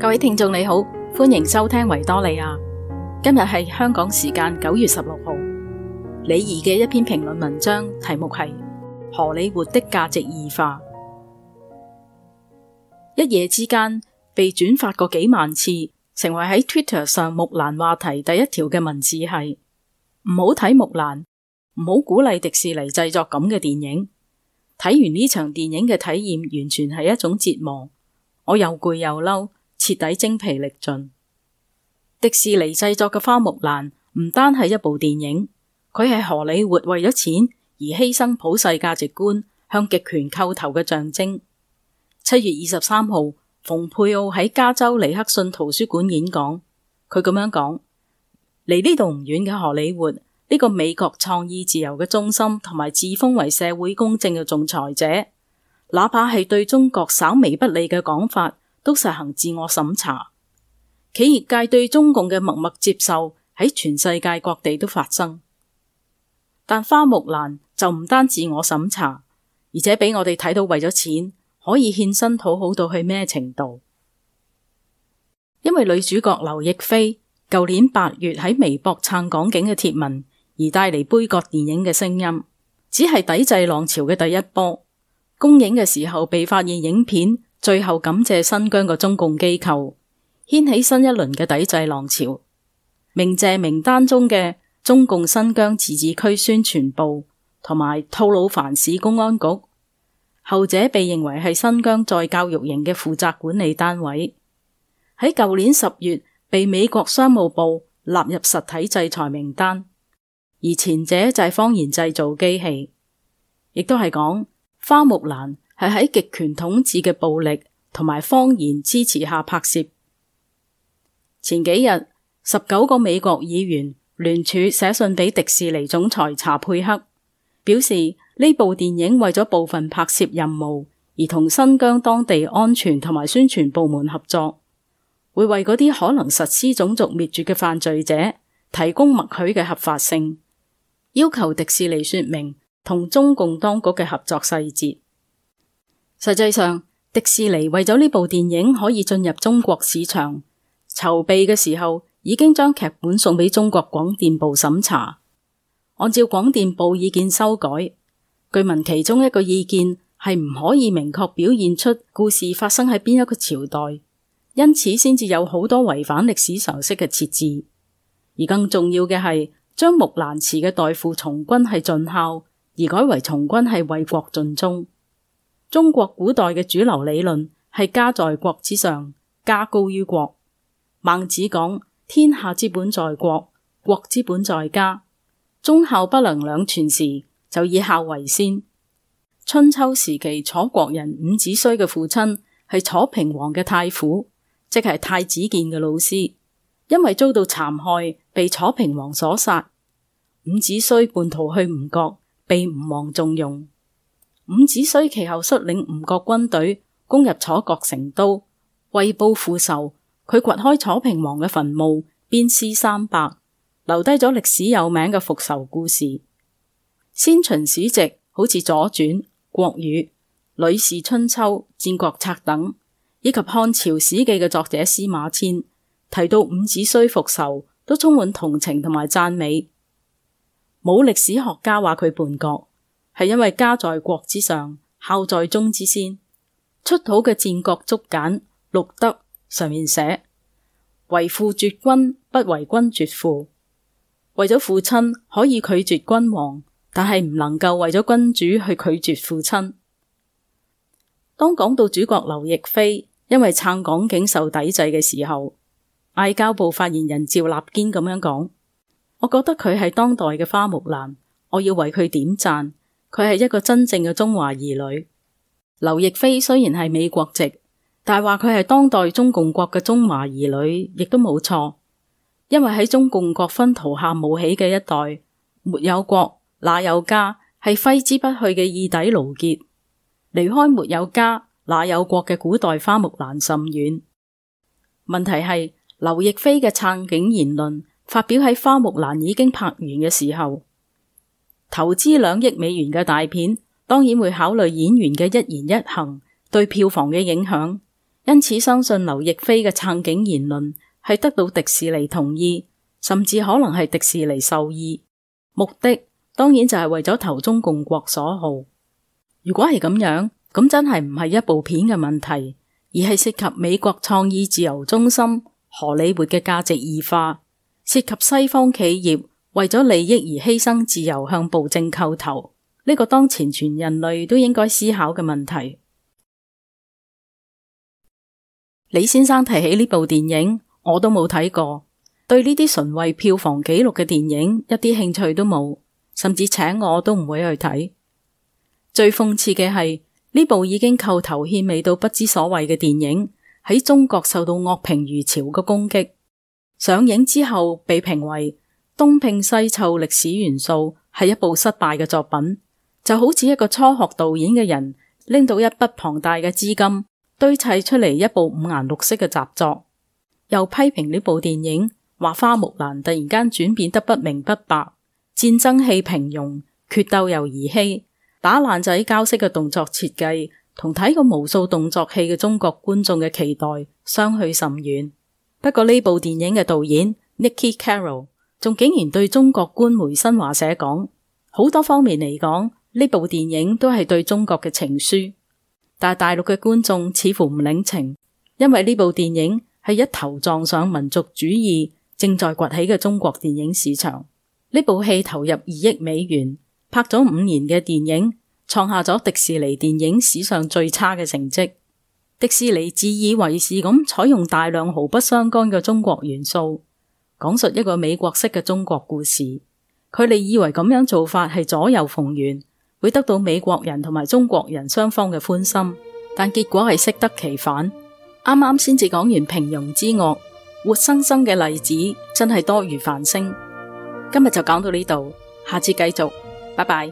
各位聽眾你好，歡迎收聽維多利亞。今日係香港時間九月十六號，李怡嘅一篇評論文章，題目係《荷李活的價值異化》。一夜之間被轉發過幾萬次，成為喺 Twitter 上木蘭話題第一條嘅文字係：唔好睇木蘭，唔好鼓勵迪士尼製作咁嘅電影。睇完呢場電影嘅體驗，完全係一種折磨。我又攰又嬲。徹底精疲力盡。迪士尼製作嘅《花木蘭》唔單係一部電影，佢係荷里活為咗錢而犧牲普世價值觀向極權叩頭嘅象徵。七月二十三號，蓬佩奧喺加州尼克遜圖書館演講，佢咁樣講：離呢度唔遠嘅荷里活，呢個美國創意自由嘅中心，同埋自封為社會公正嘅仲裁者，哪怕係對中國稍微不利嘅講法。都實行自我審查，企業界對中共嘅默默接受喺全世界各地都發生，但花木蘭就唔單自我審查，而且俾我哋睇到為咗錢可以獻身討好到去咩程度。因為女主角劉亦菲舊年八月喺微博撐港警嘅貼文而帶嚟杯葛電影嘅聲音，只係抵制浪潮嘅第一波，公映嘅時候被發現影片。最後感謝新疆嘅中共機構，掀起新一輪嘅抵制浪潮。鳴謝名單中嘅中共新疆自治區宣傳部同埋吐魯番市公安局，後者被認為係新疆再教育營嘅負責管理單位。喺舊年十月被美國商務部納入實體制裁名單，而前者就係謊言製造機器，亦都係講花木蘭係喺極權統治嘅暴力同埋謊言支持下拍攝。前幾日，十九個美國議員聯署寫信俾迪士尼總裁查佩克，表示呢部電影為咗部分拍攝任務而同新疆當地安全同埋宣傳部門合作，會為嗰啲可能實施種族滅絕嘅犯罪者提供默許嘅合法性，要求迪士尼說明同中共當局嘅合作細節。實際上，迪士尼為咗呢部電影可以進入中國市場，籌備嘅時候已經將劇本送俾中國廣電部審查，按照廣電部意見修改。據聞其中一個意見係唔可以明確表現出故事發生喺邊一個朝代，因此先至有好多違反歷史常識嘅設置。而更重要嘅係，將木蘭辭嘅代父從軍係盡孝，而改為從軍係為國盡忠。中國古代嘅主流理論係家在國之上，家高於國。孟子講：天下之本在國，國之本在家。忠孝不能兩全時，就以孝為先。春秋時期，楚國人伍子胥嘅父親係楚平王嘅太傅，即係太子建嘅老師。因為遭到殘害，被楚平王所殺。伍子胥叛逃去吳國，被吳王重用。伍子胥其後率領吳國軍隊攻入楚國成都，為報父仇，佢掘開楚平王嘅墳墓，鞭屍三百，留低咗歷史有名嘅復仇故事。先秦史籍好似《左傳》《國語》《呂氏春秋》《戰國策》等，以及漢朝史記嘅作者司馬遷提到伍子胥復仇，都充滿同情同埋讚美。冇歷史學家話佢叛國。係因為家在國之上，孝在忠之先。出土嘅戰國竹簡《六德》上面寫：為父絕君，不為君絕父。為咗父親可以拒絕君王，但係唔能夠為咗君主去拒絕父親。當講到主角劉亦菲因為撐港警受抵制嘅時候，外交部發言人趙立堅咁樣講：我覺得佢係當代嘅花木蘭，我要為佢點讚。佢係一個真正嘅中華兒女。劉亦菲雖然係美國籍，但係話佢係當代中共國嘅中華兒女，亦都冇錯。因為喺中共國分土下冒起嘅一代，沒有國哪有家，係揮之不去嘅意底牢結。離開沒有家哪有國嘅古代花木蘭甚遠。問題係劉亦菲嘅撐警言論，發表喺花木蘭已經拍完嘅時候。投資兩億美元嘅大片，當然會考慮演員嘅一言一行對票房嘅影響。因此，相信劉亦菲嘅撐警言論係得到迪士尼同意，甚至可能係迪士尼授意。目的當然就係為咗投中共國所好。如果係咁樣，咁真係唔係一部片嘅問題，而係涉及美國創意自由中心、荷里活嘅價值異化，涉及西方企業。為咗利益而犧牲自由，向暴政叩頭，呢、這個當前全人類都應該思考嘅問題。李先生提起呢部電影，我都冇睇過，對呢啲純為票房紀錄嘅電影一啲興趣都冇，甚至請我都唔會去睇。最諷刺嘅係呢部已經叩頭獻媚到不知所謂嘅電影，喺中國受到惡評如潮嘅攻擊，上映之後被評為。東拼西湊歷史元素係一部失敗嘅作品，就好似一個初學導演嘅人拎到一筆龐大嘅資金，堆砌出嚟一部五顏六色嘅雜作。又批評呢部電影話花木蘭突然間轉變得不明不白，戰爭戲平庸，決鬥又兒戲，打爛仔交式嘅動作設計同睇過無數動作戲嘅中國觀眾嘅期待相去甚遠。不過呢部電影嘅導演 Nicky Carroll。仲竟然對中國官媒新華社講，好多方面嚟講，呢部電影都係對中國嘅情書，但大陸嘅觀眾似乎唔領情，因為呢部電影係一頭撞上民族主義正在崛起嘅中國電影市場。呢部戲投入二億美元拍咗五年嘅電影，創下咗迪士尼電影史上最差嘅成績。迪士尼自以為是咁採用大量毫不相干嘅中國元素。講述一個美國式嘅中國故事，佢哋以為咁樣做法係左右逢源，會得到美國人同埋中國人雙方嘅歡心，但結果係適得其反。啱啱先至講完平庸之惡，活生生嘅例子真係多如繁星。今日就講到呢度，下次繼續，拜拜。